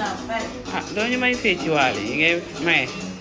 ah doo ñu may fecci waale yi ngay maye.